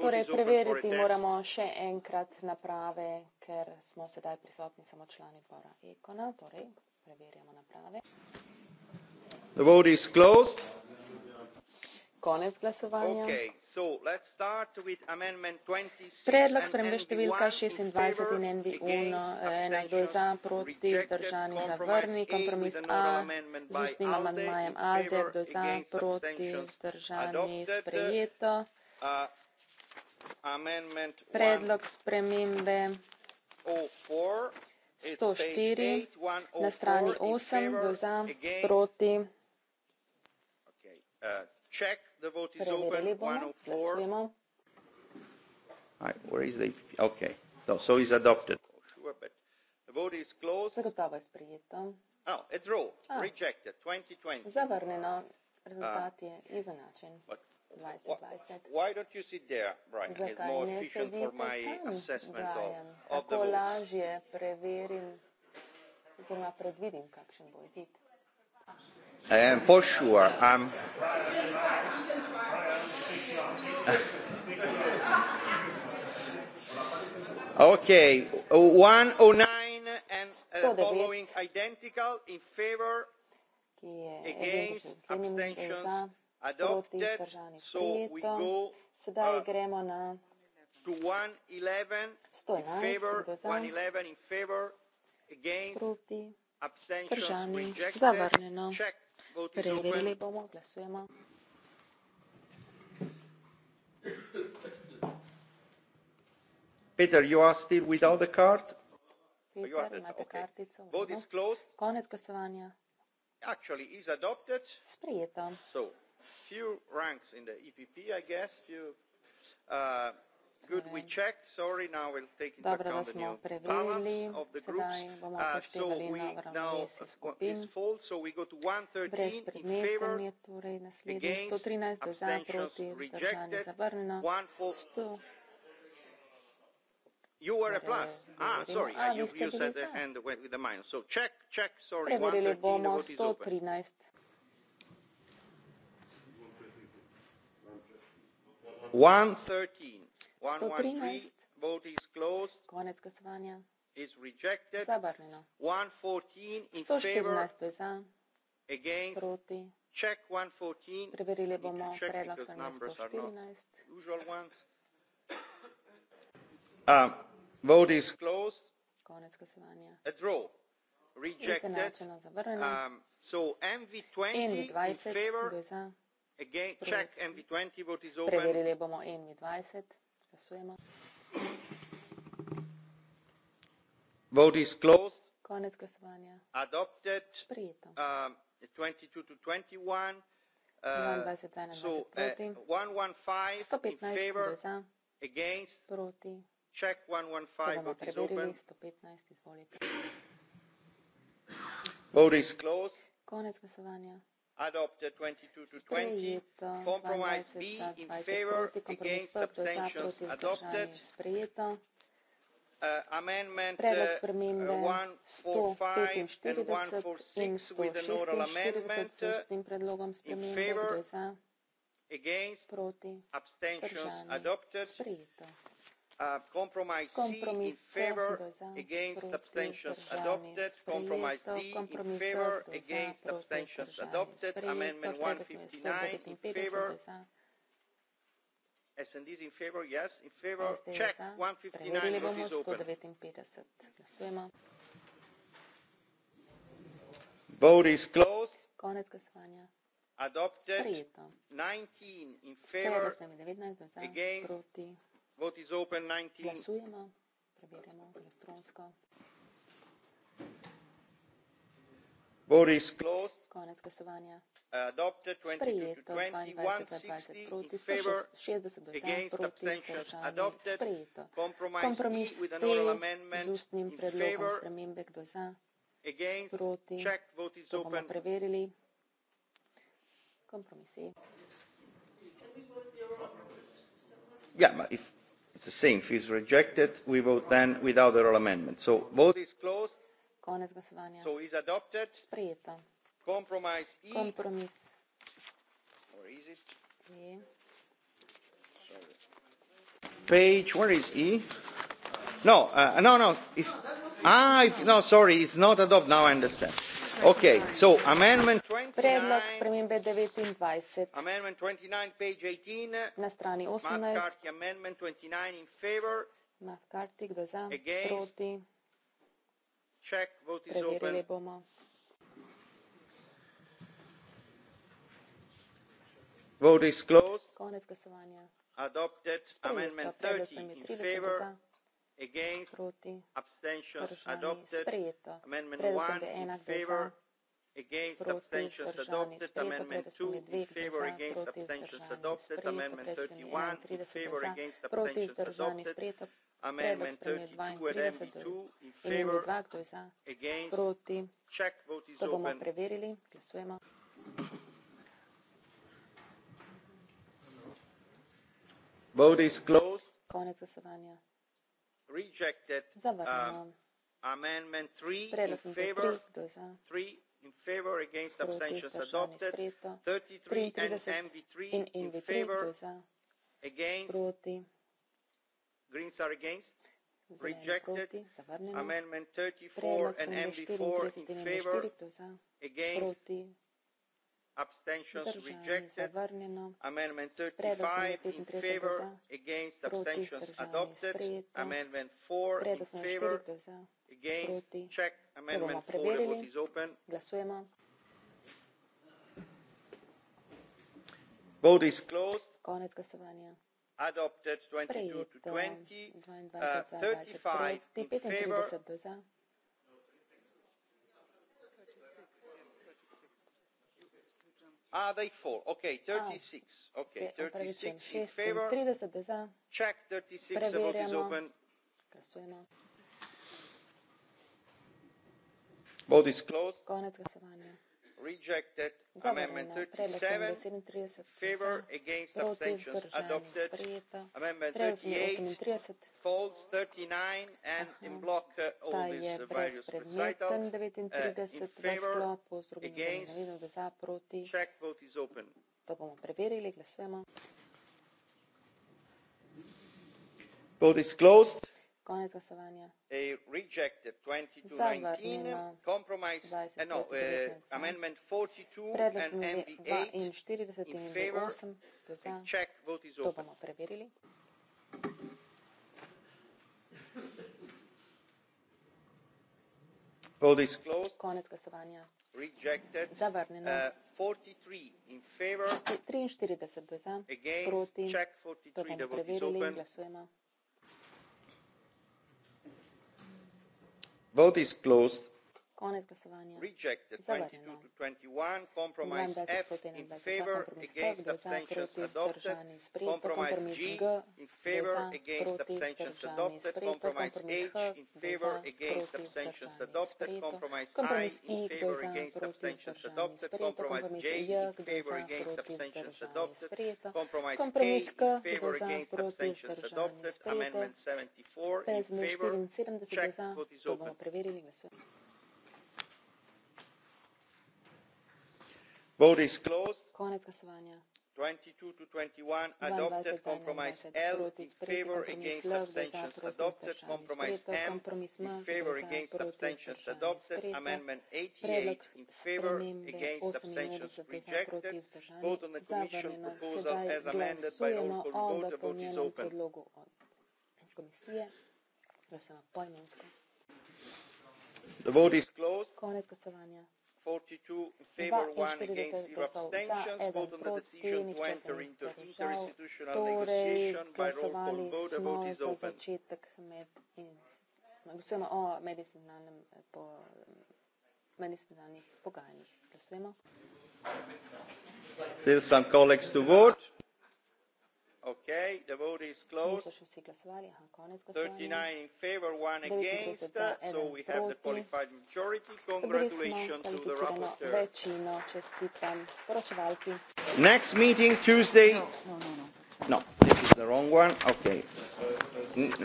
Torej, preveriti moramo še enkrat naprave, ker smo sedaj prisotni samo člani dvora Ekona. Torej, preverjamo naprave. The vote is closed. Konec glasovanja. Predlog spremembe številka 26 in NV1, enakdo eh, je za, proti, vzdržani, zavrni, kompromis A z ustnim amandmajem Alde, kdo je za, proti, vzdržani, sprejeto. Uh, predlog spremembe 104 na strani 8 do za proti. Uh, Preverili bomo, oh glasujemo. Where is the EPP? Okay. No, so it's adopted. Sure, but the vote is closed. Zagotovo je sprejeto. No, it's rule. Ah. Rejected. 2020. Zavrneno. Rezultat ah. je izenačen. But 2020. Kako lažje preverim, oziroma predvidim, kakšen bo izid? Okay, 109 and uh, following identical in favor, against, abstentions, proti zdržani prijeto. Sedaj uh, gremo na 111, proti zdržani zavrnjeno. Preverili bomo, glasujemo. Peter, you are still without the card? Peter, imate okay. kartico? Konec glasovanja. Sprijeto. So few ranks in the EPP, I guess, few uh, good we eh, checked. Sorry, now we'll take into Dobro, account the new balance of the groups. Uh, so we now uh, uh, is full. So we go to 113 in favor, torej against, abstentions rejected, 114. You were a torej, plus. Ah, sorry, ah, you, you said the end with the minus. So check, check, sorry, 113, the vote is open. sto trinajst konec glasovanja zavrnjeno sto štirinajst je za proti preverili bomo predlog za mesto štirinajst uh, konec glasovanja izenačeno zavrnjeno um, envi dvajset kdo je za Again, check MV20, vote is over. Preverili bomo MV20, glasujemo. Vote is closed. Konec glasovanja. Adopted. Sprijeto. Uh, 22 to 21. Uh, 21 so, uh, 115 in favor. Za. Against. Proti. Check 115, vote is open. 115, izvolite. Vote is closed. Konec glasovanja adopted 22 to 20. Compromise B in favor against abstentions adopted. Uh, amendment uh, 145 and 146 with an oral amendment uh, in favor against abstentions adopted compromise C in favor against abstentions adopted, compromise D in favor against abstentions adopted, amendment 159 in favor, SNDs in favor, yes, in favor, check, 159, vote is open. Vote is closed. Adopted, 19 in favor, against abstentions. Glasujemo, preberemo elektronsko. Konec glasovanja. Sprejeto 22-20 proti 60 proti vzdržanih. Sprejeto. Kompromis P z ustnim predlogom spremembe kdo za proti. To bomo preverili. Kompromis E. Ja, ma if it's the same if it's rejected we vote then without the oral amendment so vote is closed Konec glasovanja. so is adopted Sprejeta. compromise e. Kompromis. or is it e. page where is e no uh, no no if ah if, no sorry it's not adopted now i understand Okay, so amendment 29, predlog spremembe 29 amendment 29, page 18, na strani 18. McCarthy, amendment 29 in favor, McCarthy, kdo za, against, proti. Check, vote is Preverili open. bomo. Vote is closed. Konec glasovanja. Adopted Sprejeta amendment 30 in favor. Za proti, vzdržani, sprejeto. Predvsem ena glasa against proti abstentions adopted, amendment 2 in favor against abstentions adopted, amendment 31 in favor against abstentions adopted, amendment 32 and MB2 in favor against, proti. check vote is open. Vote is closed. Konec glasovanja zavrnjeno. Uh, in favor against abstentions adopted, 33 and MB3 in favor against, Greens are against, rejected, Amendment 34 and MB4 in favor against, abstentions rejected. Amendment 35 in favor, against abstentions adopted. Amendment 4 in favor, against check. Amendment 4, the vote is open. Vote is closed. Konec glasovanja. Adopted 22 Sprejeto. to 20. Uh, 35 in favor. Ah, they fall. Okay, 36. Ah, okay, 36 in favor. Check 36, the vote is open. Vote is closed rejected amendment 37 in favor against abstentions adopted amendment 38 falls 39 and in block uh, all these uh, various recitals uh, in favor against check vote is open vote is closed konec glasovanja. A rejected 2219 compromise Vote is closed. Konec glasovanja. Rejected. Zavrnjeno. Uh, eh, 43 in favor. 43 do za. Against proti. check 43. Stopamo the vote preverili. is open. Glasujemo. vote is closed konec glasovanja zavrnjeno. Imam 2021 kompromis F in favor against abstentions adopted, kompromis G in favor against abstentions adopted, kompromis H in favor against abstentions adopted, kompromis I in favor against abstentions adopted, kompromis J in favor against abstentions adopted, kompromis K in favor against abstentions adopted, amendment 74 in favor, check what is open. Konec glasovanja. 22 za 21 proti sprejeti kompromis L, vzdržan proti vzdržan. Sprejeti kompromis M, vzdržan proti vzdržan. Sprejeti predlog spremembe 88 proti vzdržan. Zavrnjeno, sedaj glasujemo o dopolnjenem predlogu od komisije. Glasujemo po imensko. Konec glasovanja. Torej, glasovali smo za začetek o medicinalnih pogajanjih. Glasujemo. Still some colleagues to vote the vote is closed. 39 in favor, 1 against. Uh, so we have the qualified majority. Congratulations to the rapporteur. Next meeting, Tuesday. No, no, no, no. No, this is the wrong one. Okay.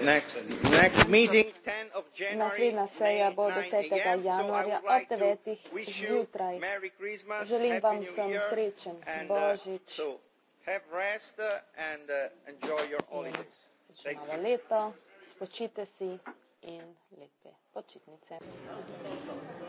Next, next meeting, 10 of January, May 9 a.m. So I would like to wish you Merry Christmas, Happy New Year, and uh, so... Have rest uh, and uh, enjoy your holidays. Novo leto, spočite si in lepe počitnice.